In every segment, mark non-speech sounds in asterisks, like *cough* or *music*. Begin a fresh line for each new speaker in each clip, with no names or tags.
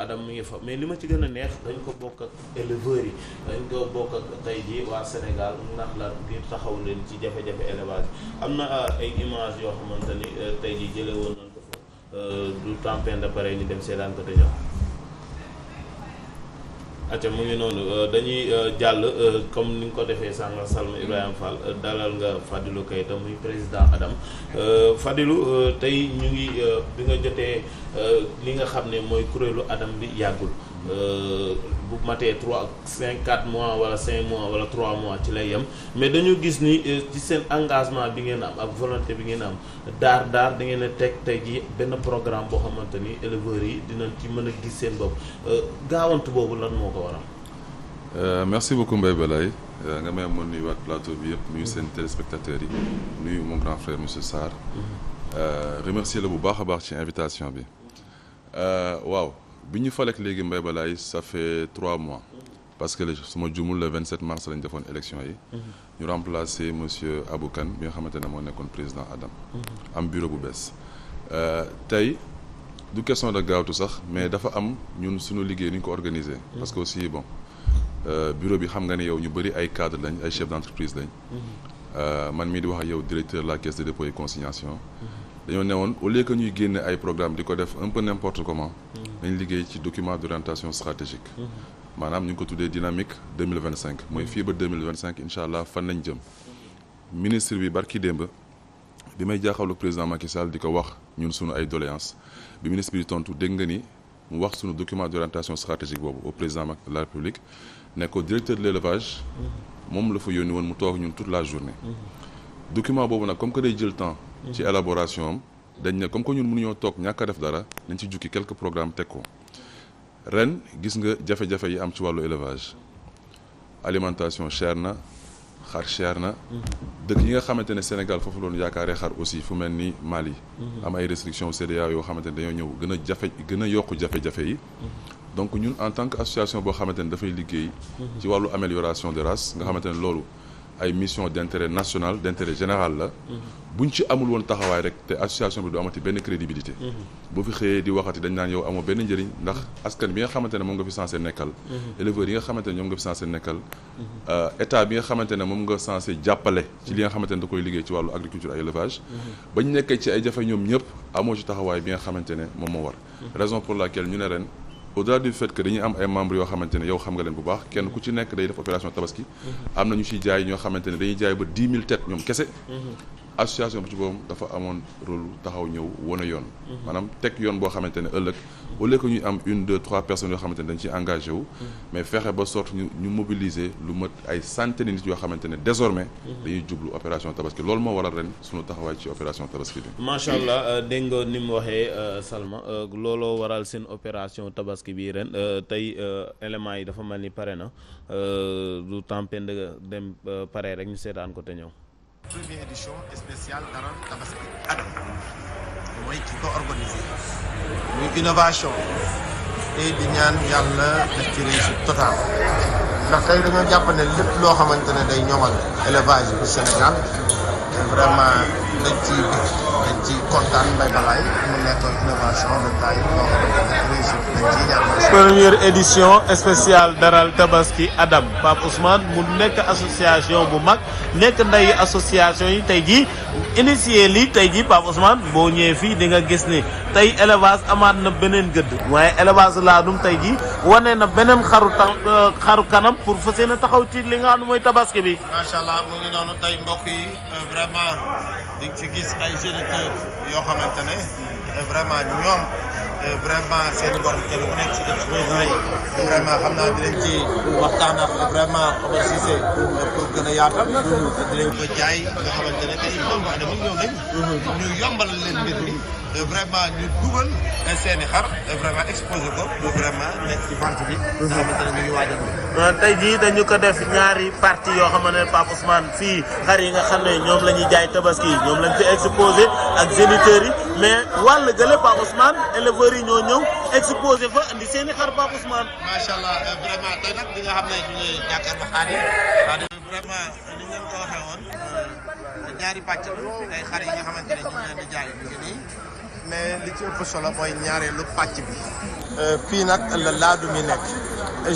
Adam mi ngi fa mais li ma ci gën a neex dañ ko bokk ak éleveurs yi dañ ko bokk ak tey jii waa Sénégal ndax la ngir taxaw leen ci jafe-jafe élevage am na euh, ay image yoo xamante ni euh, tey jii jëlee woon nañ ko fa euh, du tempin de pare ñu dem seetaan ko te ñëw aca mu ngi noonu euh, dañuy euh, jàll euh, comme ni nga ko defee sànga Salma Ibrahima Fall dalal nga Fadilou Keita muy président Adam Fadilou tey ñu ngi bi nga jotee li nga xam ne mooy kuréelu Adam bi yàggul bu matee 3 ak 5 mois wala 5 mois wala trois mois ci lay yem mais dañu gis ni euh, ci seen engagement bi ngeen am ak volonté bi ngeen am daar daar da ngeen a teg tey jii benn programme boo xamante ni éleveurs yi dinañ ci mën a gis seen bopp euh, gaawantu boobu lan moo ko waral.
Euh, merci beaucoup Mbaye Balaye nga may amoon nuyuwaat plateau bi yëpp nuyu seen téléspectateurs yi nuyu mon grand frère monsieur Sarr mm-hmm. remercier la bu baax a baax ci invitation bi waaw. bi ñu faleek léegi mbay Balaye ça fait trois mois parce que suma jumul le 27 mars lañ defoon élection yi ñu remplacer monsieur Abou Kane bi nga xamante ne moo nekkoon président Adam am bureau bu bees euh, tey du question de gaawtu sax mais dafa am ñun suñu liggéey ni ñu ko organiser parce que aussi bon euh, bureau bi xam nga ne yow ñu bëri ay cadre lañ ay chef d'entreprise lañ euh, man mii di wax ak yow directeur la caisse de dépôt et consignation dañoo newoon au lieu que ñuy génne ay programme di ko def un peu n'importe comment dañ liggéey ci document d' orientation stratégique. Mm-hmm. maanaam ñu ko tuddee dynamique deux mille vingt cinq mooy fii ba deux mille vingt cinq incha allah fan lañ jëm. ministre bi barki démb bi may jaaxawlu président Macky Sall di ko wax ñun suñu ay doléance bi ministre bi di tontu dégg nga ni mu wax sunu document d' orientation stratégique boobu au président de la république ne ko directeur de mm-hmm. moom la fa yónni woon mu toog ñun toute la journée. Mm-hmm. document boobu nag comme que day jël temps. ci élaboration am. dañ ne comme que ñun mënuñoo toog ñàkk def dara nañ ci jukki quelques programmes teg ko ren gis nga jafe-jafe yi am ci wàllu élevage alimentation cher na xar cher na. Mhm. dëkk yi nga xamante ne Sénégal foofu loonu yaakaaree xar aussi fu mel nii Mali. Mhm. am ay restrictions CEDEAO yoo xamante ne dañoo ñëw gën a jafe gën a yokk jafe-jafe yi. Mhm. donc ñun en tant que association boo xamante ne dafay liggéey. ci wàllu amélioration de race nga xamante ne loolu. ay mission d' intérêt national d' intérêt général la buñ ci amul woon taxawaay rek te association bi du amati benn crédibilité mhm. boo fi xëyee di waxati dañ naan yow amoo benn njëriñ ndax askan bi nga xamante ne moom nga fi censé nekkal mhm. éleveurs yi nga xamante ne ñoom nga fi censé nekkal mhm. euh, état bi nga xamante ne moom nga censé jàppale ci li nga xamante ne da koy liggéey ci wàllu agriculture ay élevage bañ nekkee ci ay jafe ñoom ñëpp amoo ci taxawaay bi nga xamante ne moom moo war raison ne ren au-delà du fait que dañuy am ay membres yoo xamante ne yow xam nga leen bu baax kenn ku ci nekk day def opération tabaski mm-hmm. am na ñu ciy jaay ñoo xamante ne dañuy jaay ba dix mille ñoom kese mm-hmm. association bi ci boppam dafa amoon rôle taxaw ñëw wane yoon. maanaam teg yoon boo xamante ne ëllëg au lieu que ñuy am une deux trois personnes yoo xamante ne dañ ciy engagé wu. mais fexe ba sorte ñu ñu mobiliser lu mat ay centaines nit yoo xamante ne désormais. dañuy jublu opération tabaski loolu moo waral ren sunu taxawaay ci opération tabaski bi.
macha allah euh, dégg nga ni mu waxee euh, Salma euh, looloo waral seen opération tabaski bii ren tey éléments yi dafa mel ni pare na du temps dem pare rek ñu seetaan ko
première édition spéciale daral tabaski adam mooy ki ko organisé muy innovation te di ñaan yàlla def ci réussite totale ndax tey dañoo jàpp ne lépp loo xamante ne day ñoŋal élevage bu Sénégal vraiment dañ ciy dañ ci kontaan Mbaye
première édition spéciale daral tabaski Adam Pape Ousmane mu nekk association bu mag nekk nday association yi tey jii initié lii tey jii Pape Ousmane boo ñëwee fii di nga gis ni tey élevage amaat na beneen gëdd. waaye élevage laadum tey ji wane na beneen euh, xaru kanam pour fas yéene taxaw ci li nga xam mooy tabaski bi.
macha allah mu mbokk yi euh, vraiment di yoo xamante ne vraiment ñoom vraiment seen gox te lu nekk ci dëkk bi vraiment xam naa dinañ ci waxtaan ak vraiment Omar Cissé pour gën a yaatal. dinañ ko jaay nga xamante ne tey ñoom wax dëgg ñëw nañ. ñu yombalal leen mbir mi. Euh, vraiment ñu dugal seen i xar euh, vraiment exposé ko bu vraiment nekk ci vente bi. Mhm. nga xamante ne ñu ngi waajal ko. Euh, tey jii dañu ko def ñaari partie
yoo xam ne Pape Ousmane fii xar yi nga xam ne ñoom la ñuy jaay tabaski yi ñoom lañ fi exposé ak géniteurs yi mais wàll gële Pape Ousmane éleveurs ñoo ñëw exposé fa andi
seen i xar Pape Ousmane. macha allah vraiment tey nag li nga xam ne ñu ngi jàkkaarloo xar ngeen ko waxee ñaari pàcc ay xar yi nga xamante ne ñu ngi leen di jaay mais li ci ëpp solo mooy ñaareelu pàcc bi. Euh, fii nag la laadu mi nekk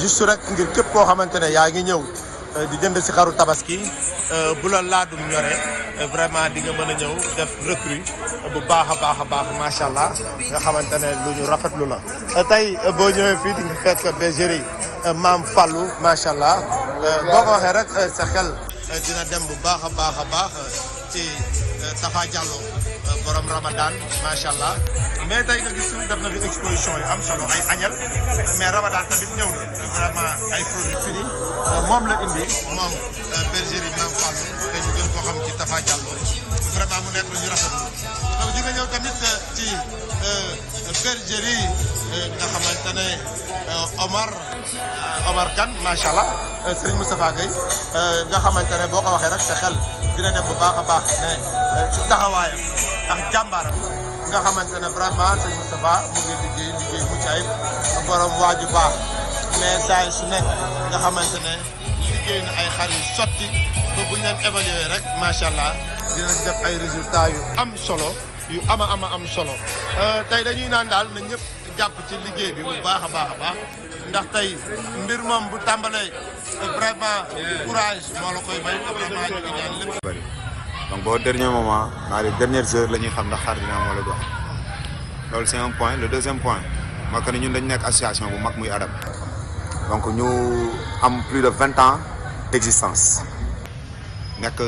juste rek ngir képp koo xamante ne yaa ngi ñëw euh, di jënd si xaru tabaski euh, bu la laadum ñore vraiment di nga mën a ñëw def recrue bu baax a baax a baax macha allah nga xamante ne lu ñu lu la. tey boo ñëwee fii di nga fekk bergerie maam Fallou macha allah boo waxee rek sa xel dina dem bu baax a baax a baax ci. Tafa Diallo euh, borom Ramadan macha allah mais tey nga gis fi exposition yu am solo ay añal mais Ramadan tamit ñëw na vraiment ay produits finis euh, moom la indi moom euh, bergerie Mame Fallou te ñu gën koo xam mu nekk lu ñu rafetlu donc di nga ñëw tamit xamante ne Omar Omar Kane macha allah Serigne Moustapha Gueye nga xamante ne boo ko waxee rek xel. dina dem bu baax a baax eh, ci taxawaayam ndax jàmbaaram nga xamante ne vraiment sëñ Moustapha mu ngi liggéey liggéey mucc ayib borom waaju baax mais saa su nekk nga xamante ne liggéey ay xar yu sotti ba bu ñu leen évaluer rek macha allah dina def ay résultats yu am solo yu ama ama am solo euh, tey de dañuy naan daal na ñëpp jàpp ci liggéey bi bu baax a baax a baax. ndax tey mbir moom bu tàmbalee vraiment courage moo la koy may vraiment ñu ngi ñaan lépp.
bëri donc boo dernier moment maa di dernières heures la ñuy xam ndax xaar dina moo la jox loolu c'est un point le deuxième point moo que ne ñun dañu nekk association bu mag muy ADAM. donc ñu am plus de vingt ans d'existence nekk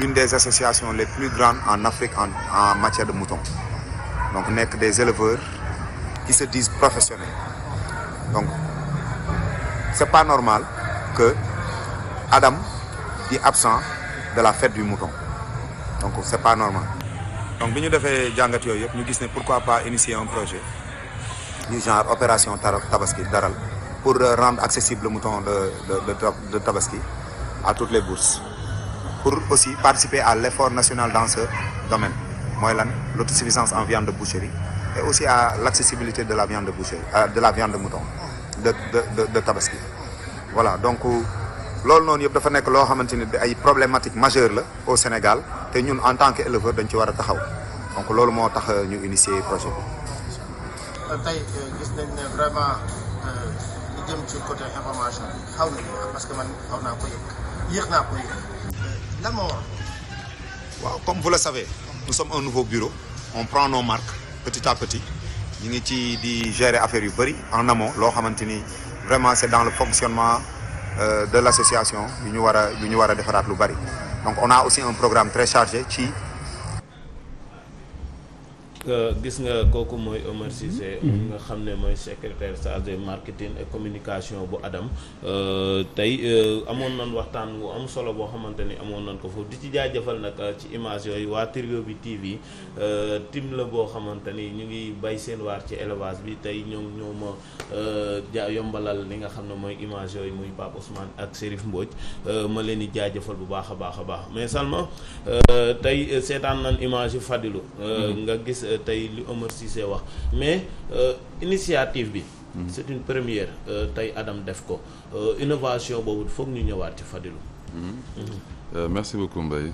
l'une des associations les plus grandes en Afrique en en matière de mouton donc nekk des éleveurs qui se disent professionnels donc c'est pas normal que Adam di absent de la fête du mouton donc c'est pas normal. donc bi ñu defee jàngat yooyu yëpp ñu gis ne pourquoi pas initier un projet du genre opération tabaski daral pour rendre accessible le mouton de de de, de tabaski à toutes les bourses pour aussi participer à l'effort national dans ce domaine mooy lan l'autosuffisance en viande de boucherie et aussi à l'accessibilité de la viande de boucherie euh, de la viande de mouton. de de de tabaski voilà donc loolu noonu yëpp dafa nekk loo xamante ni ay problématique majeure la au Sénégal te ñun en tant que éleveur dañ ci war a taxaw donc loolu moo tax euh, ñu initier projet bi.
Euh, tey euh, côté parce que man xaw naa ko yëg yéex naa ko yëg lan moo war.
waaw comme vous le savez nous sommes un nouveau bureau on prend nos marques petit à petit. ñu ngi ci di gérer affaire yu bëri en amont loo xamante ni vraiment c'est dans le fonctionnement euh, de l'association yu ñu war a yu ñu war a defaraat lu bëri donc on a aussi un programme très chargé ci
Euh, gis nga kooku mooy Omar Cissé mhm. nga xam ne mooy secrétaire chargé marketing et communication bu Adam euh, tey euh, amoon nañ waxtaan wu am solo boo xamante ni amoon nañ ko foofu di ci jaajëfal nag ci image yooyu waa Trio bi TV tim la boo xamante ni ñu ngi bay seen waar ci élevage bi tey ñoom ñoo ma ja yombalal li nga xam ne mooy image yooyu muy Pape Ousmane ak Serif Mbodj ma leen di jaajëfal bu baax a baax a baax mais seulement tey seetaan nañ image yu Fadilou mhm. nga Euh, tey li Omar Cissé wax mais euh, initiative bi. Mhm. c'est une première euh, tey Adam def ko innovation boobu foog ñu ñëwaat ci Fadilou.
Mhm. Mhm. merci beaucoup Mbaye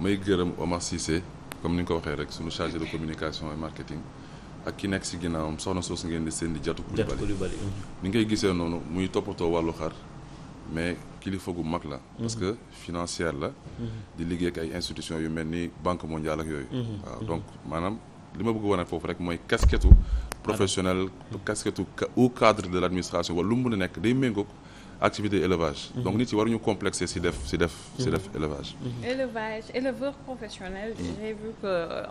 may gërëm Omar Cissé comme ni nga ko waxee rek sunu chargé de communication et marketing. ak ki nekk si am soxna soosu ngeen di seen di jatu Koulibaly ni ngay gisee noonu muy toppatoo wàllu xar mais kilifa gu mag la. Mm-hmm. parce que financière la. Mm-hmm. di liggéey ak ay institutions yu mel ni banque mondiale ak yooyu. Mm-hmm. donc maanaam li ma bëgg wane foofu rek mooy casquette professionnel casquette ou cadre de l' administration wala lu mun a nekk day méngóog activité élevage. donc nit yi waruñu complexé si def si def. si def élevage.
élevage éleveur professionnel. j'ai vu euh,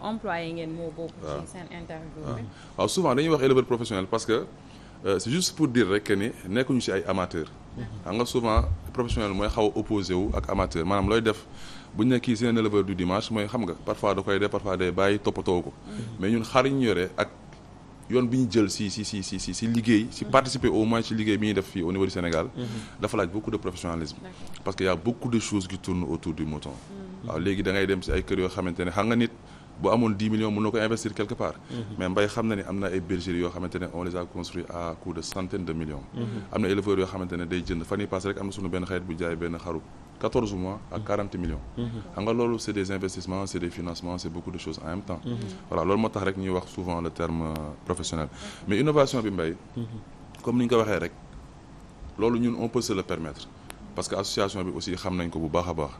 ah. souvent dañuy wax éleveur professionnel parce que euh, c' est juste pour dire rek que ni nekkuñu si ay amateurs. Mm-hmm. xam nga souvent professionnel mooy xaw a opposé wu ak amateur maanaam looy def bu ñu ne kii seen éleveur du dimanche mooy xam nga parfois da koy def parfois day bàyyi toppatoo ko mm-hmm. mais ñun xar ñu yore ak yoon bi ñu jël si si si si liggéey si mm-hmm. participer au moins si liggéey bi ñuy def fii au niveau du Sénégal dafa laaj beaucoup de professionnalisme parce que y a beaucoup de choses qui autour du mouton waaw léegi da ngay dem si ay kër yoo xamante ne xam nga nit bu amoon 10 millions mën na ko investir quelque part mhm. mais mbay xam na ni am na ay yoo xamante ne on les a construit à coût de centaines de millions mhm. am na éleveurs yoo xamante ne day jënd fan yi passé rek am na suñu benn xarit bu jaay benn xaru 14 mois ak 40 millions mhm. xam nga loolu c'est des investissements c'est des financements c'est beaucoup de choses en même temps voilà loolu moo tax rek ñuy wax souvent le terme euh, professionnel parce que association bi aussi xam nañ ko bu baax a baax.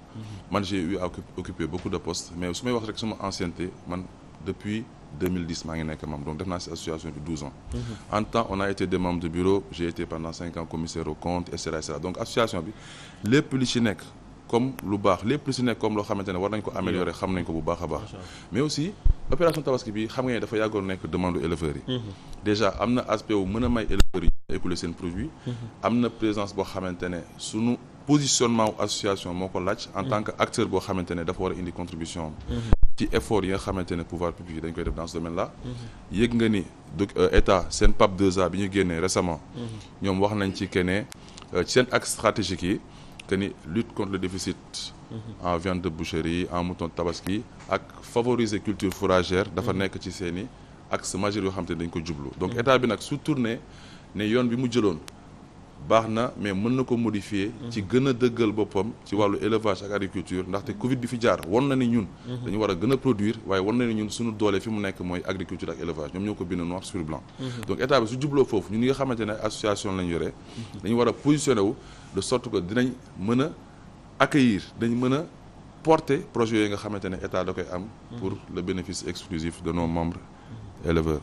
man j'ai eu à occuper beaucoup de postes mais su may wax rek sama ancienneté man depuis 2010 maa ngi nekk membre donc def naa si association bi 12 ans. Mhm. en temps on a été des membres de bureau j'ai été pendant 5 ans commissaire aux comptes et donc association bi lépp lu ci nekk. comme lu baax lépp lu si nekk comme loo xamante ne war nañ ko améliorer xam nañ ko bu baax a baax mais aussi opération tabaski bi xam nga ne dafa yàggoon nekk demande éleveurs yi mm-hmm. déjà am na aspect mën a may éleveurs yi ñu seen produit mm-hmm. am na présence boo xamante ne sunu positionnement association moo ko laaj en tant mm-hmm. que acteur boo xamante dafa war a indi contribution ci effort yi nga xamante pouvoir public dañ koy def dans ce domaine là yëg nga euh, a bi te ni lutte contre le déficit mm-hmm. en viande de boucherie en mouton tabaski ak favoriser culture fourragère dafa mm-hmm. nekk ci seeni axe majeur yoo xam te dañ ko jublu donc mm-hmm. état bi nag su tourné ne yoon bi mu jëloon baax na mais mën na ko modifier ci mhm. gën a dëggal boppam ci wàllu élevage ak agriculture ndaxte Covid bi fi jaar won na ni ñun mhm. dañu war a gën a produire waaye won na ni ñun suñu doolee fi mu nekk mooy agriculture ak élevage ñoom ñoo ko bind noir sur blanc mhm. donc état bi su jubloo foofu ñun ñi nga xamante association lañ yore dañu war a positionné wu de que dinañ mën a accueillir dañ mën a porter projet yooyu nga xamante ne état da koy am pour le bénéfice exclusif de nos membres éleveurs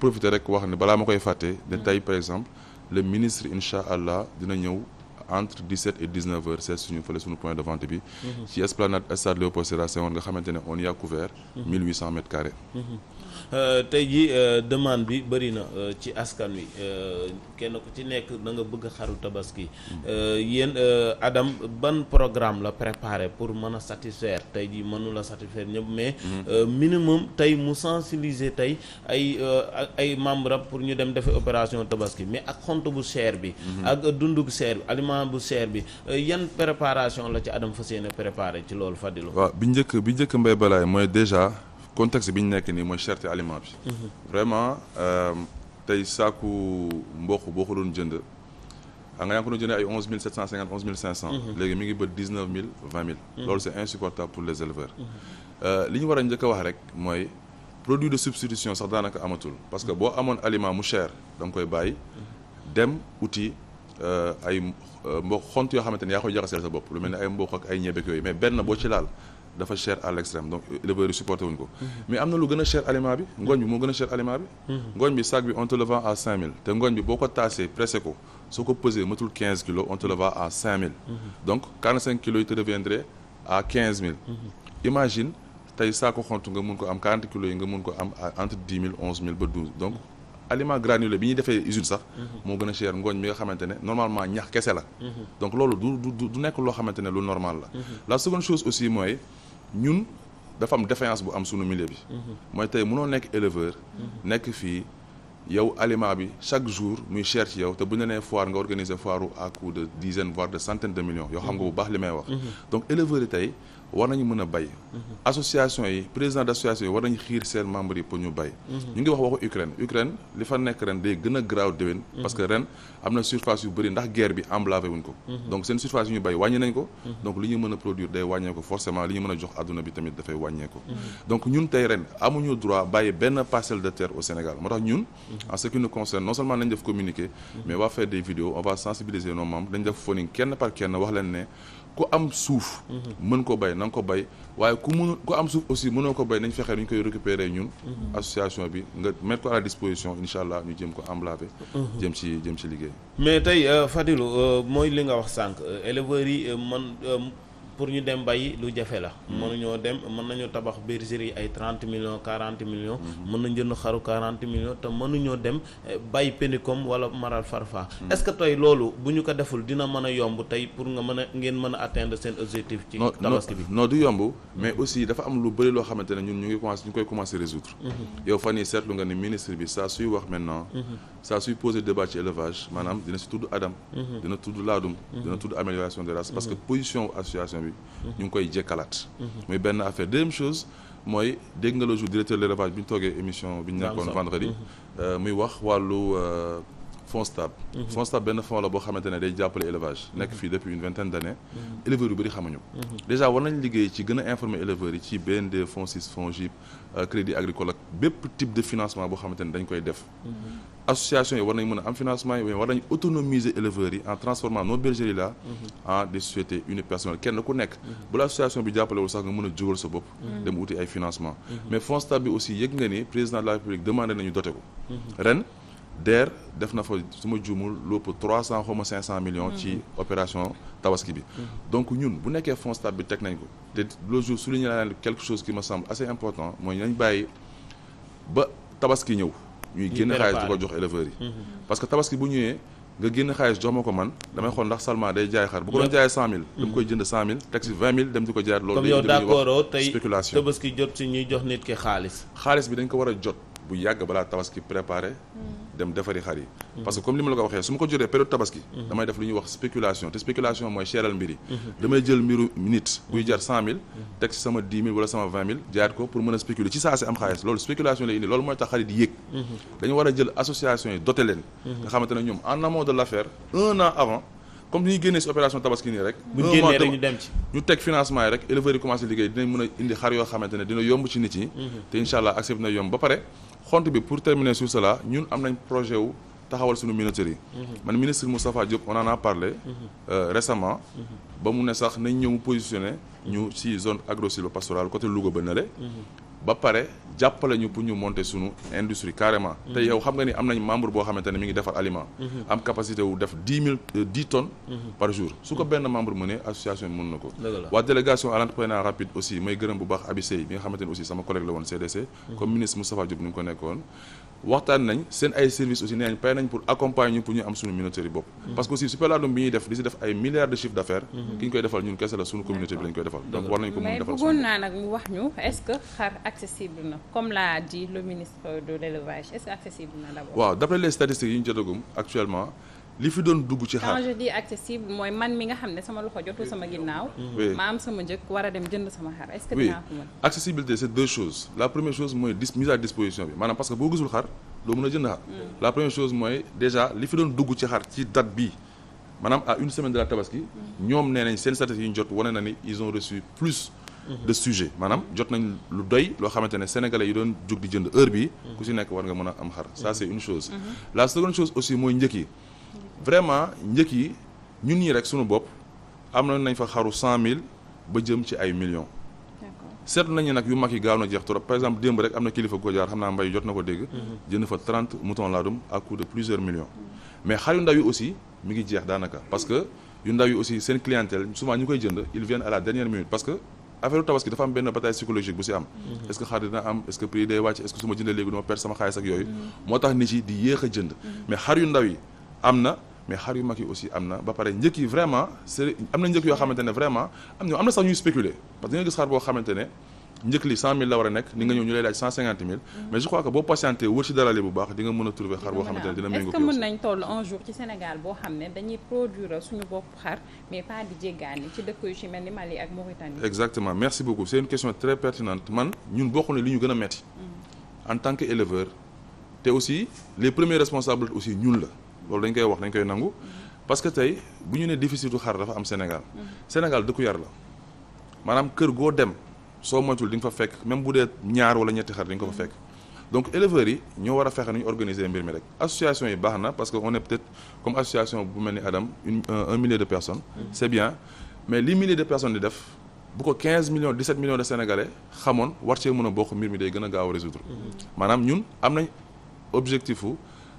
profité rek wax ne balaa ma koy fàtte ne tey par exemple le ministre incha dina ñëw entre 17 et 19 heures c'est suñu fële suñu point de vente bi. Mhm. ci esplanade stade Léopold Sédar Senghor nga xamante ne on y a couvert. 1800 mhm. mètres carrés.
Mhm.
Euh, tey jii euh, demande bi bëri na euh, ci askan wi kenn ku ci nekk na nga bëgg xaru tabaski mm. yéen Adam ban programme la préparé pour mën a satisfaire tey jii mënu la satisfaire ñëpp mais mm. minimum tey mu sensibiliser tey ay ay membre pour ñu dem defee opération tabaski mais ak xont bu cher bi mm-hmm. ak dundug seer bi aliment bu cher bi yan préparation la ci Adam fa yéene préparé ci loolu Fadilou waaw
bi njëkk bi njëkk mbay balaay mooy déjà contexte bi ñu nekk nii mooy cherté aliment bi. Mhm. vraiment euh, tey saaku mboq boo ko doon jënd xam ah, nga yaa ngi ko doon jëndee ay onze mille sept cent cinquante onze cent. Mhm. léegi mi ngi bët dix neuf mille vingt mille. Mhm. loolu c' est insupportable pour les éleveurs. Euh, li ñu war a njëkk a wax rek mooy produit de substitution sax daanaka amatul parce que boo amoon aliment mu cher da nga koy bàyyi dem uti euh, ay mboq xont yoo xamante ni yaa koy jaxaseel sa bopp lu mel ni ay mboq ak ay ñebeek yooyu mais benn boo ci laal. dafa cher à donc éleveurs yi ko mais am na lu gën a cher aliment bi ngooñ bi moo gën a cher aliment bi ngooñ bi sac bi on te à 5000 te ngooñ bi boo ko taasee pressé ko soo à 5000 donc imagine tey saako xontu nga mun ko am 40 kilos yi nga mun ko am entre 10 000 11 000 ba 12 donc aliment granulé bi ñuy defee usine sax moo gën a cher ngooñ mi nga xamante normalement ñax kese la donc loolu du du du ñun dafa am défaillance bu am sunu milieu bi. Mhm. mooy tey mënoo nekk éleveur. Mhm. nekk fii yow aliment bi chaque jour muy cher ci yow te bu ñu nee foire nga organiser foire à coût de dizaine voire de centaine de millions. yoo xam nga bu baax li may wax. Mhm. donc éleveurs yi tey. war nañu mën a bay association yi président d' association yi war nañu xiir seen membres yi pour ñu bay mhm. ñu ngi wax waxu Ukraine Ukraine li fa nekk ren day gën a graaw déwén mhm. parce que ren am na surface yu bëri ndax guerre bi emblavé wuñ ko mhm. donc seen surface yu ñu bay wàññi nañ ko donc li ñu mën a produire day wàññee ko forcément li ñu mën a jox àdduna bi tamit dafay wàññee ko donc ñun tey ren amuñu droit bàyyi benn parcelle de terre au Sénégal moo wax leen ne ku am suuf mën ko bay na ko bay waaye ku mënu ku am suuf aussi mënoo ko bay nañ fexe ñu koy récupérer ñun association bi nga mettre ko à la disposition incha allah ñu jëm ko emblavé jëm ci jëm ci liggéey
mais tey euh, Fadilou euh, mooy li nga wax sànq euh, éleveurs yi man pour ñu dem bay lu jafe la. Mm-hmm. mënuñoo dem mën nañoo tabax bergerie ay trente millions quarante millions. Mm-hmm. mën nañ jënd xaru quarante millions te mënuñoo dem eh, bay pénicom wala maral
farfa. Mm-hmm. est-ce
que loolu bu ñu ko deful dina mën a yomb tey pour nga mën a ngeen mën a atteindre seen objectif. ci tabaski bi
non du yomb mais aussi dafa am lu bëri loo xamante ne ñun ñu ngi commencé ñu koy commencé résoudre. yow fan yii seetlu nga ni ministre bi saa suy wax maintenant. saa suy posé maanaam dina si tudd bi ñu ngi koy jëkkalaat muy benn affaire deuxième chose mooy dégg nga le jour directeur l'élevage bi ñu toogee émission bi ñu nekkoon vendredi mhm. euh, muy wax wàllu euh, fonds stable mhm. fonds stable benn fonds la boo xamante ne day jàppale élevage mhm. nekk fii depuis une vingtaine d'années éleveurs yu bëri xamuñu ko déjà war nañ liggéey ci gën a informer éleveurs yi ci BND fonds six fonds JIP euh, crédit agricole ak bépp type de financement boo xamante ne dañ koy def association yi war nañ mën a am financement yi war nañu autonomiser éleveurs yi en transformant nos bergeries là mhm. en des sociétés unipersonnelles kenn ku nekk mhm. bu la association bi jàppalewul sax nga mën a jógal sa bopp mhm. dem uti ay financement mais fonds stable bi aussi yëg nga ni président de la république demandé nañu doté ko ren DER def na fa su ma juumul lépp trois cent xaw ma cinq cent millions ci opération tabaski bi donc ñun bu nekkee fonds stable bi teg nañ ko te le jour souligné naa leen quelque chose qui me semble assez important mooy nañ bàyyi ba tabaski ñëw ñuy génn xaalis di ko jox éleveurs mhm. parce que tabaski bu ñëwee nga génn xaalis jox ma ko man damay xool ndax Salma day jaay xar bu ko doon jaayee cent mille dama mhm. koy jënd cent mille teg mille dem di ko jaayaat loolu comme yow tey tabaski jot si ñuy jox nit ki xaalis xaalis bi dañ ko war a jot bu yàgg balaa tabaski préparé mm. dem defari xar yi mm-hmm. parce que comme li ma la ko waxee su ma ko jotee période tabaski mm-hmm. damay def lu ñuy wax spéculation te spéculation mooy cheeral mbir yi mm-hmm. damay jël mbiru nit buy jar cent mille teg sama dix mille wala sama vingt mille jaayaat ko pour mën a spéculer ci saa si am xaalis loolu spéculation lay indi loolu mooy tax xarit yéeg dañu war a jël association yi doté leen nga ñoom en amont de l'affaire un an a xont bi pour terminer sur cela ñun am nañ projet wu taxawal suñu minoterie mhm. man ministre Moustapha Diop on en a parlé mhm. euh, récemment mhm. ba mu ne sax nañ ñëw mu positionné ñu ci zone agro pastorale côté Louga ba nale ba pare jàppale ñu pour ñu monter sunu industrie carrément. te mhm. yow xam nga ni am nañ membre boo xamante ne mi ngi defar aliment. Mhm. am capacité wu def dix mille euh, dix tonnes. Mhm. par jour su ko benn membre mënee association bi na ko. waa délégation à l'entrepreneuriat rapide aussi may gërëm bu baax Abi bi nga xamante aussi sama collègue la woon CDC. comme ministre Moustapha Diop ni mu ko nekkoon. waxtaan nañ seen ay services aussi nee nañ pare nañ pour accompagner ñu pour ñu am suñu minoterie bopp. Mm-hmm. parce que aussi Superdome bi ñuy def di si def ay milliards de chiffre d'affaires. Mm-hmm. ki ñu koy defal ñun kese la suñu communauté bi lañ koy defal. donc war nañ ko mën defal mais
na l'a dit waaw
d'après les statistiques yi ñu jotagum actuellement. li fi doon dugg ci xaar
quand je mooy man mi nga xam ne sama loxo jotul sama ginnaaw. ma am sama njëkk war a dem jënd sama xar est-ce que dinaa
ko mën. la première chose mooy dis mise à bi maanaam parce que boo gisul a jënd mm. mooy déjà li fi doon dugg ci xar ci date bii maanaam à une semaine de la tabaski. Mm. nee nañ seen statistiques yi ñu jot wane na ni ils ont reçu plus. Mm-hmm. de sujets jot nañ lu doy loo xamante ne sénégalais yi doon jug di jënd heure bii. Mm. ku si nekk war nga mën a am xar ça mm-hmm. c'est une chose. Mm-hmm. la seconde chose aussi mooy njëkk yi. vraiment njëkk yi ñun ñii rek suñu bopp am na nañ fa xaru cent mille ba jëm ci ay millions seetlu nañu nag yu mag yi gaaw na jeex trop par exemple démb rek am na kilifa gojaar xam naa mbay jot na ko dégg mhm. jënd fa trente mouton laadum à coût de plusieurs millions mais xar yu ndaw yi aussi mi ngi jeex daanaka parce que yu ndaw yi aussi seen clientèle souvent koy jënd ils viennent que affaire tabaski dafa am benn bataille psychologique bu si am mhm. est-ce que xar dina am est-ce que day wàcc est-ce que léegi du ma sama xaalis ak yooyu mhm. moo tax yu ndaw yi am na mais xar yu mag yi aussi am na ba pare njëkk yi vraiment c'est am na njëkk yoo xamante ne vraiment am na am na sax ñuy spéculer parce que nga gis xar boo xamante ne njëkk li 100000 la war a nekk ni nga ñëw ñu lay laaj 150000. Mm-hmm. mais je crois que boo patienté wër ci dalali bu baax di mën a trouver xar boo xamante ne dina méngoo
est-ce que un jour ci Sénégal boo xam ne dañuy produire suñu bopp xar mais pas di jéggaani ci dëkk yu ci mel ni Mali ak Mauritanie.
ñu gën a metti
mm-hmm.
en tant que éleveur te aussi les premiers responsables aussi ñun la loolu dañ koy wax dañ koy nangu parce que tey bu ñu ne déficitu xar dafa am Sénégal Sénégal dëkku yar la maanaam kër goo dem soo moytul di nga fa fekk même bu dee ñaar wala ñetti xar di nga ko fa fekk donc éleveurs yi ñoo war a fexe nañu organiser mbir mi rek association yi baax na parce que on est comme association bu mel ni Adam une un millier de personnes c'est bien mais li millier de personnes di def bu ko 15 millions 17 millions de sénégalais xamoon war cee mën a gën gaaw a résoudre mhm. maanaam ñun am nañ objectif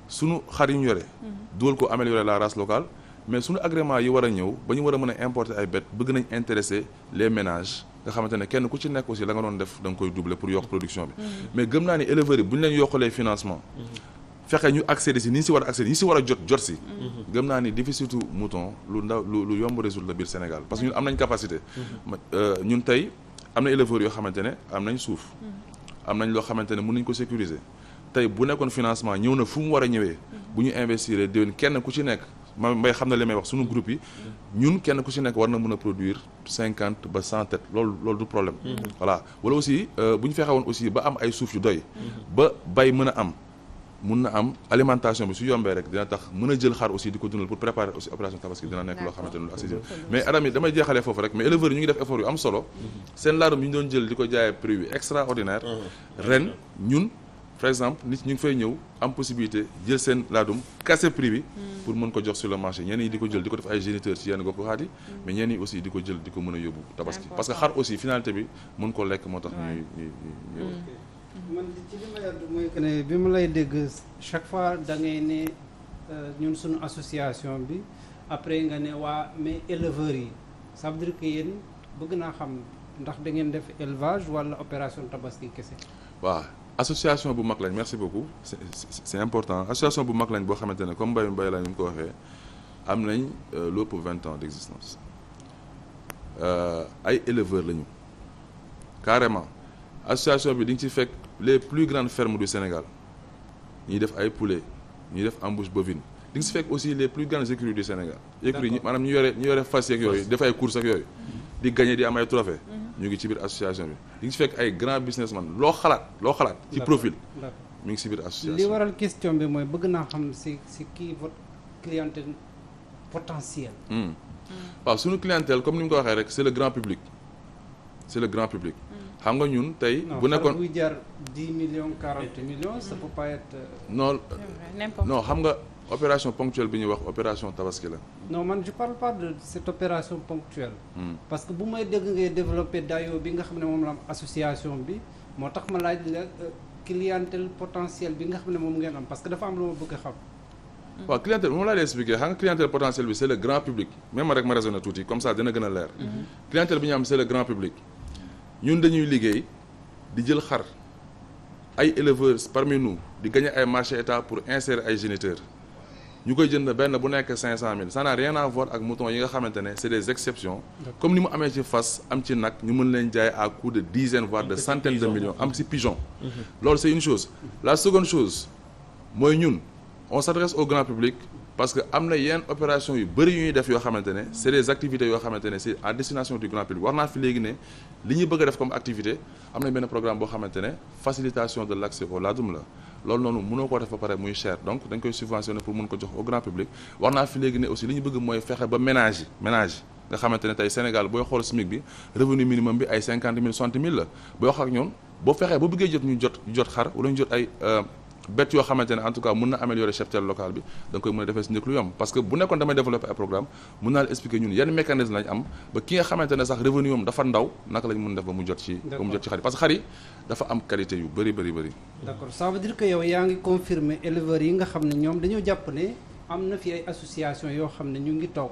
sunu xar yi ñu yore. Mhm. dugal ko améliorer la race locale mais sunu agrément yi war a ñëw ba ñu war a mën a importer ay bête bëgg nañ intéresser les ménage nga xamante ne kenn ku ci nekk si la nga doon def da koy doubler pour yokk production bi. Mhm. mais gëm naa ni éleveurs yi bu ñu leen yokkalee financement. Mhm. fexe ñu accéder si ni ñu si war a accéder ñi si war a jot jot si. gëm naa ni déficitu mouton lu ndaw lu lu yomb résoudre la biir Sénégal parce que ñun am nañ capacité. Euh, ñun tey am na éleveurs yoo xamante ne am nañ suuf. am nañ loo xamante ne mën nañ ko sécuriser. tey bu nekkoon financement ñëw na fu mu war a ñëwee bu ñu investir déwén kenn ku ci nekk ma mbay xam na li may wax suñu groupe yi ñun kenn ku ci nekk war na mën a produire cinquante ba cent loolu loolu du problème mm-hmm. voilà wala aussi euh, bu ñu fexe woon aussi ba am ay suuf yu doy mm-hmm. ba bay mën a am mun na am alimentation bi su yombee rek dina tax mën a jël xaar aussi di ko dundal pour préparer aussi opération tabaski dina nekk loo xamante ne damay jeexalee mm-hmm. ko jaayee prix yu extraordinaire ren par exemple nit ñu ngi fay ñëw am possibilité jël seen laadum casser prix bi pour mën ko jox sur le marché ñenn yi di ko jël di ko def ay géniteur ci yenn gox goxaat yi mais ñenn yi di ko jël di ko mën a yóbbu tabaski parce que xar aussi finalité bi mën ko lekk moo tax ñuy ñuy
ñuy mm-hmm. ma lay dégg chaque fois da ngay ne euh, ñun suñu association bi après nga ne waa mais éleveurs yi ça veut dire bëgg naa xam ndax da ngeen def élevage walla opération tabaski kese
waaw association bu mag lañ merci beaucoup c'est, important association bu mag lañ boo xamante ne comme mbay mbay la ñu ko waxee am nañ euh, lu pour vingt ans d'existence euh, ay éleveurs lañu carrément association bi di nga ci fekk les plus grandes fermes du Sénégal ñuy def ay poulet ñuy def embouche bovine di nga ci fekk aussi les plus grandes écuries du Sénégal écuries ñu yore ñu yore fas yeeg yooyu def ay courses ak yooyu mm-hmm. di gagner di am ay trophées ñu ngi ci biir association bi di ngi fekk ay grand businessman loo xalaat loo xalaat ci profil mu ngi si biir association
li waral question bi mooy bëgg naa xam si si kii votre clientèle potentielle
hmm. waaw suñu clientèle comme ni mu ko waxee rek c'est le grand public c'est le grand public hmm. xam nga ñun tey bu nekkoon buy
jar dix millions quarante millions ça peut pas être euh, non xam nga
opération ponctuelle bi ñuy wax opération tabaski la.
non man je parle pas de cette opération ponctuelle. Mm. parce que bu may dégg ngay développer dayoo bi nga xam ne moom la am association bi moo tax ma laaj la euh, clientèle potentielle bi nga xam ne moom ngeen am parce que dafa am lu ma bëgg a xam. Hmm.
waaw clientèle moom laa lay expliquer xam nga clientèle potentielle bi c'est le grand public même rek ma raisonné tuuti comme ça dina gën a leer. Hmm. Hmm. clientèle bi ñu am c'est le grand public. ñun dañuy liggéey di jël xar ay éleveurs parmi nous di gagner ay marché état pour insérer ay géniteurs. ñu koy jënd benn bu nekk cinq cent mille ça n'a rien à voir ak mouton yi nga xamante ne c'est des exceptions comme ni mu amee ci fas am ci nag ñu mën leen jaay à coût de dizaines voire de centaines de millions am ci pigeon mhm. loolu c'est une chose la seconde chose mooy ñun on s'adresse au grand public parce que am na yenn opération yu bëri yu ñuy def yoo xamante ne c'est des activités yoo xamante ne c'est à destination du grand public war naa fi léegi ne li na benn programme boo xamante ne facilitation de l'accès au ladoum la loolu noonu mënoo ko def ba pare muy cher donc dañ koy subventionné pour mun ko jox au grand public wax naa fi léegi ne aussi li ñu bëgg mooy fexe ba ménage yi ménage yi nga xamante ne tey Sénégal booy xool SMIC bi revenu minimum bi ay cinquante mille soixante mille la booy wax ak ñoom boo fexee boo bëggee jot ñu jot jot xar wala ñu jot ay euh, bett yoo xamante ne en tout cas mun na améliorer cheptel local bi da koy mën a defee si njëkk lu yomb parce que bu nekkoon damay développer ay programme mun naa la expliquer ñun yan mécanisme lañ am ba ki nga xamante ne sax revenu yom dafa ndaw naka lañ mun def ba mu jot ci ba mu jot ci xar yi parce que xar dafa am qualité yu bëri bëri bëri
d'accord ça veut dire que yow yaa ngi confirmer éleveurs yi nga xam ne ñoom dañoo jàpp ne am na fi ay association yoo xam ne ñu ngi toog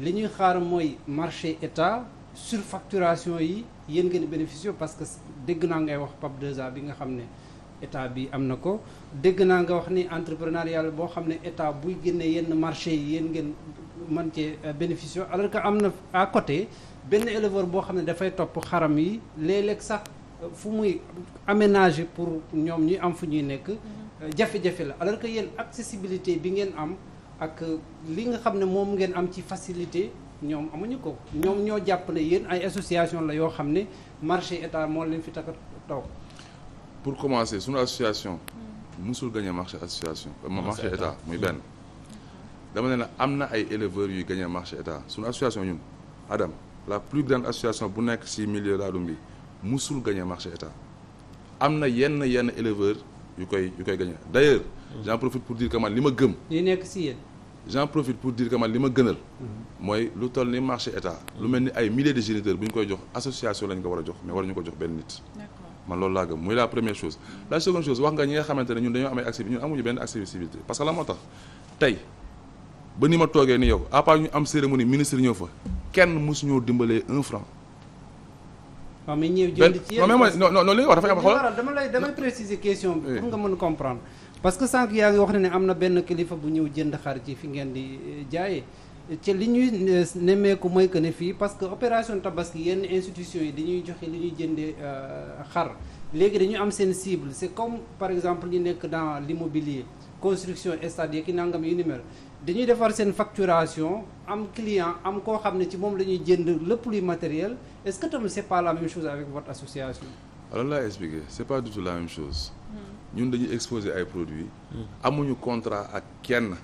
li ñuy xaar mooy marché état surfacturation yi yéen ngeen bénéficier que dégg naa ngay wax PAP 2 bi nga xam ne état bi am na ko dégg naa nga wax ni entrepreneurial boo xam ne état buy génnee yenn marché yi yéen ngeen man cee euh, bénéficier alors que am na à côté benn éleveur boo xam ne dafay topp xaram yi léeg sax euh, fu muy aménager pour ñoom ñuy am fu ñuy nekk. Mhm. Euh, jafe-jafe la alors que yéen accessibilité bi ngeen am ak li nga xam ne moom ngeen am ci facilité ñoom amuñu ko. ñoom ñoo jàpp ne yéen ay association la yoo xam ne marché état moo leen fi tax a
pour commencer sunu association. Mm. musul gagné marché association marché état muy benn dama ne la am na ay éleveurs yuy gagné marché état suñu association ñun Adam la plus grande association bu nekk si millier laadum bi musul gagné marché état am na yenn yenn éleveurs yu koy yu koy gagné d'ailleurs mm. j'en profite pour dire que man li ma gëm
li nekk si yéen
j'en profite pour dire que li ma gënal mm-hmm. mooy lu toll ni marché état lu mel ni ay milliers de géniteurs bu ñu koy jox association lañ ko war a jox mais waruñu ko jox benn man loolu laa gëm muy la première chose la seconde chose wax nga ñi nga xamante ne ñun dañoo am ay ñun amuñu benn activité parce que la moo tax tey ba ni ma toogee ni yow à part ñu am cérémonie ministre ñëw fa kenn mosu ñoo dimbalee un franc.
waaw mais ñëw jënd ci yéen non non non li nga wax dafa am xool damay préciser question bi pour nga mën comprendre parce que sànq yaa ngi wax ne ne am na benn kilifa bu ñëw jënd xar ci fi ngeen di eh, jaayee. ci li ñuy nemmeeku mooy que ne fii parce que opération tabaski yenn institution yi dañuy joxe li ñuy jëndee euh, xar léegi dañu am seen cible c'est comme par exemple ñu nekk dans l'immobilier construction stade yeeg ki nangam yu ni dañuy defar seen facturation am client am koo xam ne ci moom la ñuy jënd lépp luy matériel est-ce que tamit c'est pas la même chose avec votre association.
alors laa expliqué c'est pas du tout la même chose. Hmm. ñun dañuy exposer ay produits. Hmm. amuñu contrat ak kenn.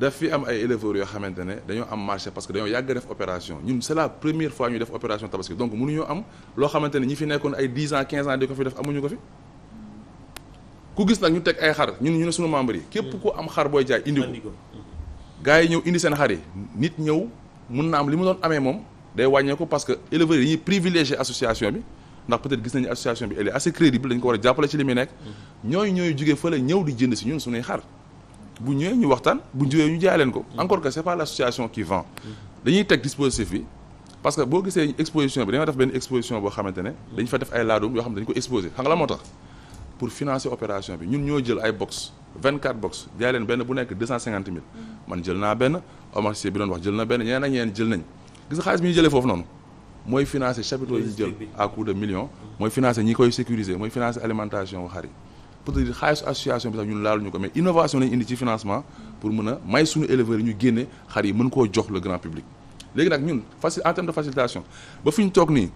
daf fi am ay éleveurs yoo xamante ne dañoo am marché parce que dañoo yàgg def opération ñun c'est la première fois ñuy def opération tabaski donc mënuñoo am loo xamante ne ñi fi nekkoon ay 10 ans 15 ans di ko fi def amuñu ko fi ku gis nag ñu teg ay xar ñun ñu ne suñu membre yi képp ko am xar booy jaay indi ko gars yi ñëw indi seen xar yi nit ñëw mun na am li mu doon amee moom day wàññeeku parce que éleveurs yi dañuy privilégier association bi ndax peut-être gis nañu bi elle est jàppale ci li muy mm-hmm. ñooy ñooy jugee fële ñëw di jënd si ñun suñuy xar bu ñëwee ñu waxtaan bu ñu ñu jaay leen ko. encore que c'est pas l'association qui vend. dañuy teg dispositif bi parce que boo gisee exposition bi dañoo def benn exposition boo xamante ne. dañu fa def ay laadum yoo xam ne dañu ko exposé xam nga la moo tax. pour financer opération bi ñun ñoo jël ay box 24 box jaay leen benn bu nekk 250 000 man jël naa benn Omar Sy bi doon wax jël na benn ñeneen ak jël nañ gis nga xaalis bi ñu jëlee foofu noonu. mooy financer chapiteaux jël à coût de mooy financer ñi koy sécuriser mooy financer alimentation wu xar peut-être xaalisu association bi sax ñun laaluñu ko mais innovation lañu indi ci financement pour mën a may suñu éleveurs ñu génne xar yi mën koo jox le grand public léegi nag ñun facile en terme de facilitation ba fi ñu toog nii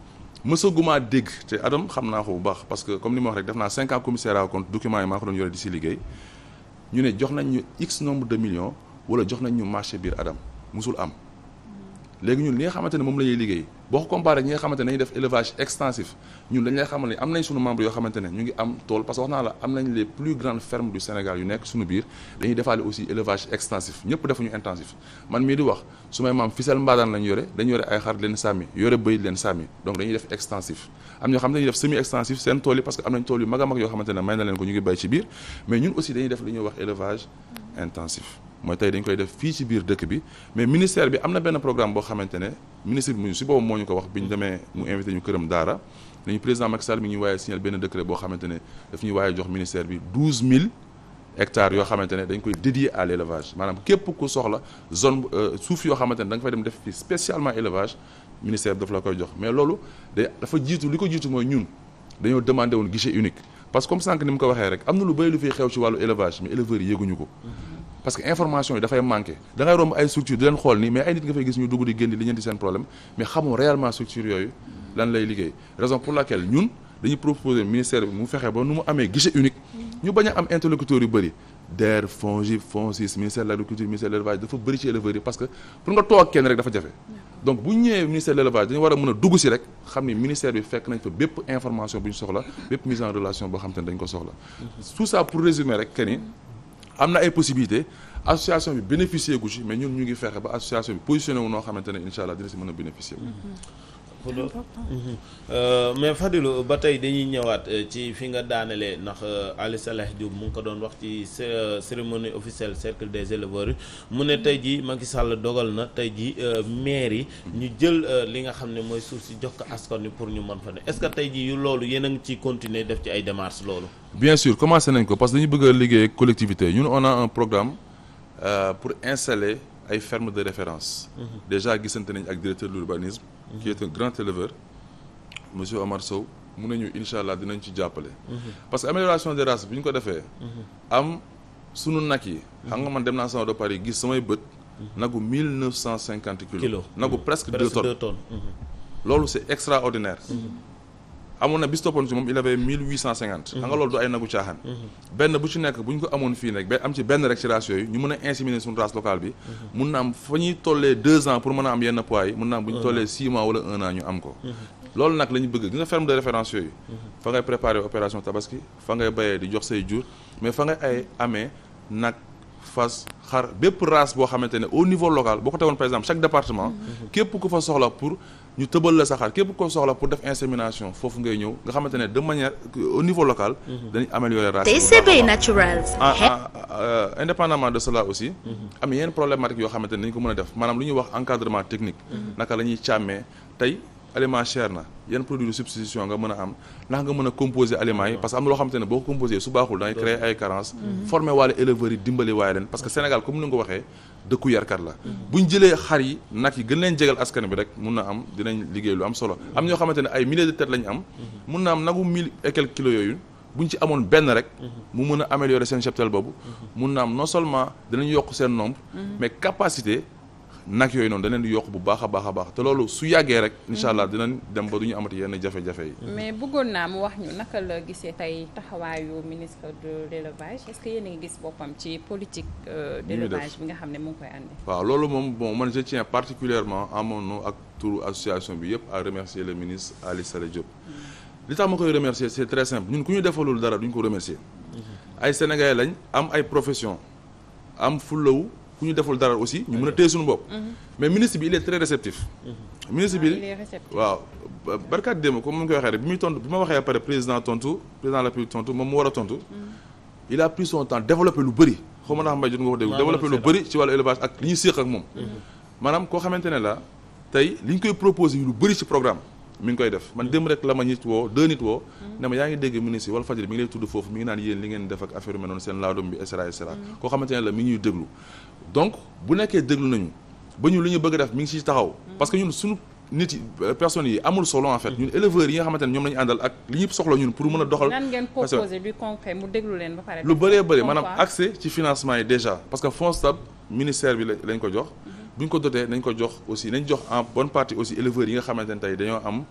mësaguma dégg te Adam xam naa ko bu baax parce que comme ni ma wax rek def naa cinq ans commissaire à compte document yi maa ko doon yore di si liggéey ñu ne jox nañ ñu x nombre de million wala jox nañ ñu marché biir Adam musul am léegi ñun li nga xamante ne moom la ñuy liggéey boo ko comparé ñi nga xamante ne dañuy def élevage extensif ñun dañ lay xamal ne am nañ suñu wax naa la def extensif extensif a mag yoo xamante ne may na leen ko ñu ngi bay ci biir mooy tey dañ koy def fii ci biir dëkk bi mais ministère bi am na benn programme boo xamante ne ministre bi mu si boobu moo ñu ko wax bi ñu demee mu invité ñu këram daara nañu président Macky Sall mi ñuy waaye signal benn décret boo xamante ne daf ñuy waaye jox ministère bi yoo xamante ne dañ koy dédié à l' élevage maanaam képp ku soxla zone euh, suuf yoo xamante ne da nga fay dem def fi spécialement élevage ministère bi daf la koy jox mais loolu day dafa jiitu li ko jiitu mooy ñun dañoo demandé woon guichet unique parce que comme sànq ni mu ko waxee rek am na lu bare lu fiy xew ci wàllu élevage mais éleveurs yi yéguñu ko parce que information yi dafay manqué da ngay romb ay structure di leen xool nii mais ay nit nga fay gis ñu dugg di génn di lijjanti seen problème mais xamoo réellement structure yooyu lan lay liggéey raison pour laquelle ñun dañuy proposer ministère bi mu fexe ba nu mu amee guichet unique ñu bañ am interlocuteurs yu bëri DER FONGIP FONSIS ministère de l'agriculture ministère de l'élevage dafa bëri ci éleveurs yi parce que pour nga toog kenn rek dafa jafe donc bu a mën a boo xam ne dañ ko soxla tout am na ay possibilité association bi bénéficier gu ci mais ñun ñu ngi fexe ba association bi positionné wu noo xamante ne incha allah dina si mën a bénéficier wu mm-hmm.
Xudóor euh, mais Fadilou ba tey dañuy ñëwaat euh, ci fi nga daanelee ndax euh, Ali Salah Diop mu ngi ko doon wax ci cérémonie officielle cercle des éleveurs yi mu ne tey jii Macky Sall dogal na tey jii maire yi ñu jël li nga xam ne mooy suuf si jox ko askan wi pour ñu mën fa ne est-ce que tey jii loolu yéen a ngi ciy continuer def ci ay démarches loolu.
bien sûr commencé nañ ko parce que dañu bëgg a liggéey collectivité ñun on a un programme pour installer ay ferme de référence. Mm-hmm. déjà gisante qui est un grand éleveur monsieur Omar Sow mun nañu incha allah dinañ ci jàppale. Mhm. parce que amélioration des races bi ñu ko defee. Mhm. am sunu nag yi. Mhm. xam nga man dem naa salon de Paris gis samay bët. nagu mille neuf cent cinquante kilos. nagu presque deux tonnes. loolu c'est extraordinaire. amoon na bis toppoon ci moom il avait mille huit cent cinquante mhm. xam nga loolu du ay nagu caaxaan mhm. benn bu ci nekk bu ñu ko amoon fii nekk ba am ci benn rek ci race yooyu ñu mën a inséminer suñu race locale bi mhm. mun na am fa ñuy tollee deux ans pour mën a am yenn poids yi mun na am bu ñu tollee six mois wala un an ñu am ko loolu nag la ñu bëgg gis nga ferme de référence yooyu fa ngay préparer opération tabaski fa ngay bayee di jox say jur mais fa ngay ay amee nag fas xar bépp race boo xamante ne au niveau local boo ko tegoon par exemple chaque département képp ku fa ñu tëbal la saxaar képp ko soxla pour def insémination foofu ngay ñëw nga xamante ne de au niveau local. Mhm. dañuy améliorer ratio. TCB naturel. indépendamment de cela aussi. Mhm. am yenn problématique yoo xamante ne dañ ko mën a def maanaam lu ñuy wax encadrement technique. Mhm. naka la ñuy tey. aliment cher na yan produit de substitution nga mën a am ndax nga mën a composer aliments yi parce que am na loo xamante ne boo ko composé su baaxul dangay créer ay carence mhm. former waale éleveurs yi dimbali waaye leen parce que Sénégal comme ni nga waxee dëkku yarkat la mhm. bu jëlee xar yi nag yi gën leen jegal askan bi rek mun na am dinañ liggéey lu am solo am ñoo xamante ne ay milliers de têtes lañu am mhm. mun na am nagu mille et quelques kilos yooyu bu ñu ci amoon benn rek mu mën a améliorer seen cheptel boobu mun na am non seulement dinañ yokk seen nombre nag yooyu noonu da leen di yokk bu baax a baax a baax te loolu su yàggee rek. incha dina mm-hmm. dinañ dem ba du ñu amati yenn jafe-jafe yi. Mm-hmm.
mais bëggoon naa mu wax ñu naka la gisee tey taxawaayu ministre de l'élevage est-ce que yéen ngi gis boppam ci politique. Euh, d'élevage bi nga xam ne mu ngi koy andi.
waaw loolu moom bon man je tiens particulièrement amoon mon ak turu association bi yëpp à remercier le ministre ali Saleh Diop. Mm-hmm. li tax ma koy remercier c'est très simple ñun ku ñu defalul dara duñ ko remercier. ay sénégalais lañ am ay profession am ku ñu deful dara aussi ñu mën a téye suñu bopp mhm. mais ministre bi il est très réceptif mhm. ministre ah,
bi waaw
barkaat démb comme mu koy waxee rek bi muy tontu bi ma waxee après président tontu président de tontu moom mu war a tontu
mhm.
il a pris son temps développé lu bëri xaw ma naa xam mbay jot nga wax dégg développé lu bëri ci wàllu élevage ak li ñuy séq ak moom maanaam koo xamante ne la tey li ñu koy proposé lu bëri ci programme mi ngi koy def man dem rek la ma nit woo deux nit woo ne ma yaa ngi dégg ministre wala fajri mi ngi lay tudd foofu mi ngi naan yéen li ngeen def ak affaire yu mel noonu seen laadum bi et cetera et mm-hmm. xamante ne la mi ñuy déglu donc bu nekkee déglu nañu ba ñun li ñu bëgg def mi ngi ci taxaw mm-hmm. parce que ñun suñu nit yi euh, personnes yi amul solo en fait mm-hmm. ñun éleveurs yi nga xamante ne ñoom lañu àndal ak li ñuy soxla ñun pour mën a doxal nan ngeen proposer
du concret mu déglu lu bëree bëri maanaam
accès ci financement yi déjà parce que fonds stab ministère bi lañ ko jox bu ñu ko dotee nañ ko jox aussi nañ jox en bonne partie aussi éleveurs yi nga xamante ne tey dañoo am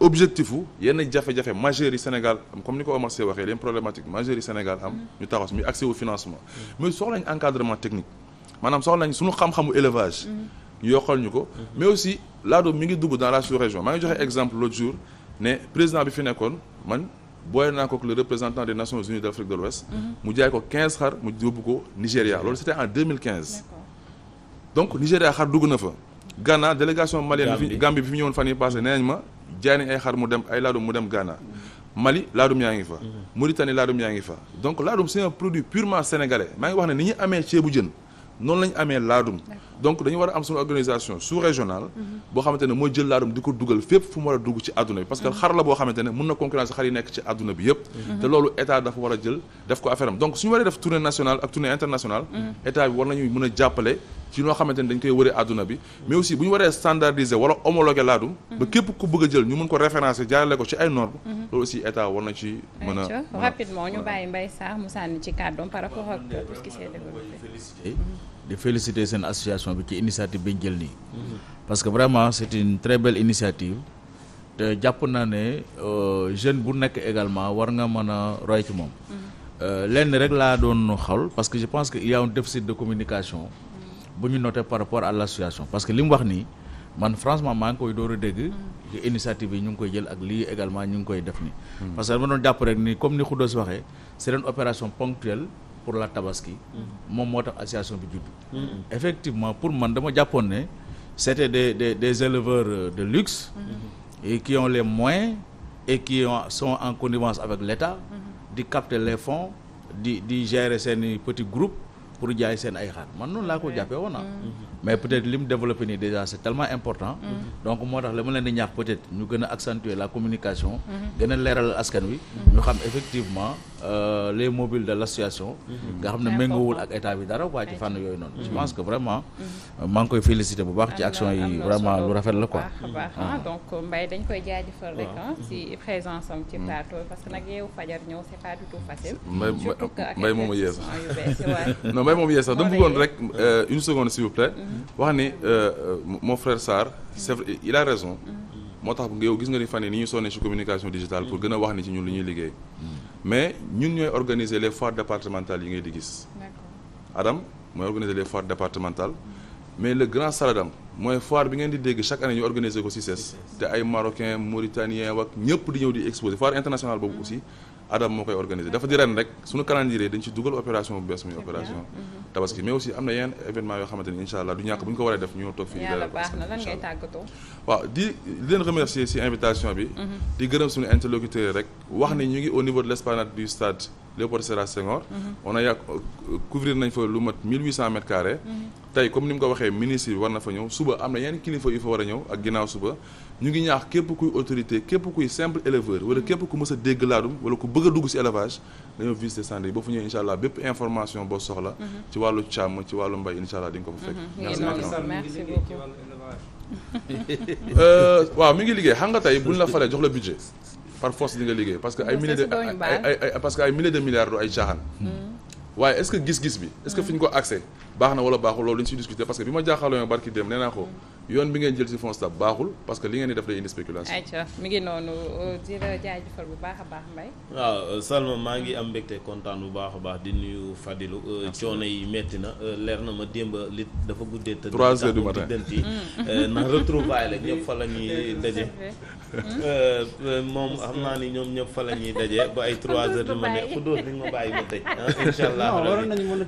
objectif yenn jafe-jafe majeurs yi Sénégal am comme ni ko Omar Sy waxee leen problématique majeurs yi Sénégal am ñu taxaw si muy accès au financement mm. mais soxla nañ encadrement technique maanaam soxla nañ suñu xam-xamu élevage ñu mm. yokkal ñu ko mm-hmm. mais aussi laado mi ngi dugg dans la sous-région maa ngi joxe mm-hmm. exemple l'autre jour ne président bi fi nekkoon man booye naa ko représentant des Nations Unies d'Afrique de mm-hmm. ko 15 xar mu ko Nigéria loolu c'était en 2015 donc Nigéria xar dugg na fa. Ghana délégation malienne. Gambie bi Gambie bi fi ñëwoon fan yii passé nee nañ ma jaay nañ ay xar mu dem ay laadum mu dem Ghana. Mali laadum yaa ngi fa. mu mhm. Mauritanie laadum yaa ngi fa. donc laadum si un produit purement sénégalais maa ngi wax ne ni ñu amee ceebu jën noonu la ñu amee laadum. donc dañu war a am suñu organisation sous régionale boo xamante ne mooy jël laadum di ko dugal fépp fu mu war a dugg ci àdduna bi parce que xar la boo xamante ne mën na concurrence xar yi nekk ci àdduna bi yépp te loolu état dafa war a jël def ko affaire am donc suñu waree def tournée nationale ak tournée internationale état bi war nañu mën a jàppale ci noo xamante ne dañ koy wëree àdduna bi mais aussi bu ñu waree standardiser wala homologuer laadum képp ku bëgg a jël ñu mën ko référencer jaarale ko ci ay normes loolu aussi état war na ci mën a rapidement ñu
bàyyi Mbaye Sarr
di féliciter
seen association bi ci initiative bi ñu jël nii. parce que vraiment c'est une très belle initiative. te jàpp naa ne euh, jeune bu nekk également war nga mën a roy ci moom. Euh, lenn rek laa doon xawal parce que je pense que il y a un déficit de communication. bu ñu noté par rapport à l'association parce que li mu wax nii man franchement maa ngi koy door a dégg. te initiative yi ñu ngi koy jël ak lii également ñu ngi koy def nii. parce que dama doon jàpp rek ni comme ni Khoudoss waxee c'est une opération ponctuelle. pour la tabaski. Mhm. moom moo tax association bi judd. Mhm. effectivement pour man dama jàppoon ne c'était des des des éleveurs de luxe. Mhm. et qui les moyens et qui ont, sont en connivence avec l'État. di cap les fonds di di gérer seeni petits groupes pour jaay seen ay xar man noonu laa ko jàppee woon ah. mais peut-être li mu développé nii déjà c'est tellement important. Mm. donc moo tax la ma leen di ñaax peut-être ñu gën accentuer la communication. Mm-hmm. gën a askan wi. Mm-hmm. ñu xam effectivement euh, les mobiles de l'association. Mm-hmm. nga xam ne méngoowul ak état bi dara waa ci fànn yooyu noonu. je pense que vraiment maa ngi koy féliciter bu baax ci action yi vraiment lu rafet la ko ah.
donc Mbaye dañ koy jaajëfal rek ah, ci présence am ci plateau parce que nag yeewu fajar ñëw c'est pas sax
*laughs* dama bëggoon rek euh, une wax ne euh, euh, mon frère Sarr c'est vrai il a raison moo tax yow gis nga ni fan yi ni ñu sonnee ci communication digitale pour gën a wax ni ci ñun li ñuy liggéey mais ñun ñooy organiser les foires départementales yi ngay di gis Adam mooy organiser les foires départementales mais le grand saladam mooy foire bi ngeen di dégg chaque année ñu organiser ko CICES te ay marocain mauritanien wak ñëpp di ñëw di exposer foire internationale boobu aussi adam moo koy organisé dafa di ren rek suñu calendrier dañ ci dugal opération bu bees muy opération mhm. tabaski mais aussi am na yeneen événement yoo xamante ni incha allah du ñàkk bu ñu ko waree def ñu toog fii mhm. di gërëm suñu interlocuteur rek wax ne ñu ngi au niveau de l'esplanade du stade Léopold Sédar Senghor mhm. on a yàgg couvrir nañ fa lu mat 1800 mètres carrés tey comme ni mu ko waxee ministre bi war na fa ñëw suba am na yeneen kilifa yu fa war ñu ngi ñaax képp kuy autorité képp kuy simple éleveur wala képp ku mës a dégg laadum wala ku bëgg a dugg ci élevage dañoo visiter centre yi ba fu ñëwee allah bépp information boo soxla. Mhm. ci wàllu càmm ci wàllu mbay incha allah di nga ko fa fekk. Mhm.
merci beaucoup
*laughs* euh, waaw mi ngi liggéey xam nga tey buñ la falee jox la budget par force di nga liggéey parce que ay milliers de ay ay parce que ay milliers de milliards du ay caaxaan. Mhm. waaye est-ce que gis-gis bi. est-ce que fi ñu ko accès. baax na wala baaxul loolu dañ si discuter parce que bi ma jaaxaloo barki dem nee naa yoon bi ngeen jël si fonds baaxul parce que li ngeen di def day indi spéculation.
ngi noonu euh, di la jaajëfal bu baax a baax Mbaye.
waaw euh, Salma maa ngi am mbégte
kontaan bu baax a baax di nuyu Fadilou. Euh, coono yi metti na leer na ma démb li dafa guddee. 3 heures du matin tëddee yi. ndax retrouvaille la ñëpp fa la ñuy daje. moom xam naa ni ñoom ñëpp fa la ñuy daje ba ay 3 heures du matin ku bàyyi ma tëj. Ah, incha allah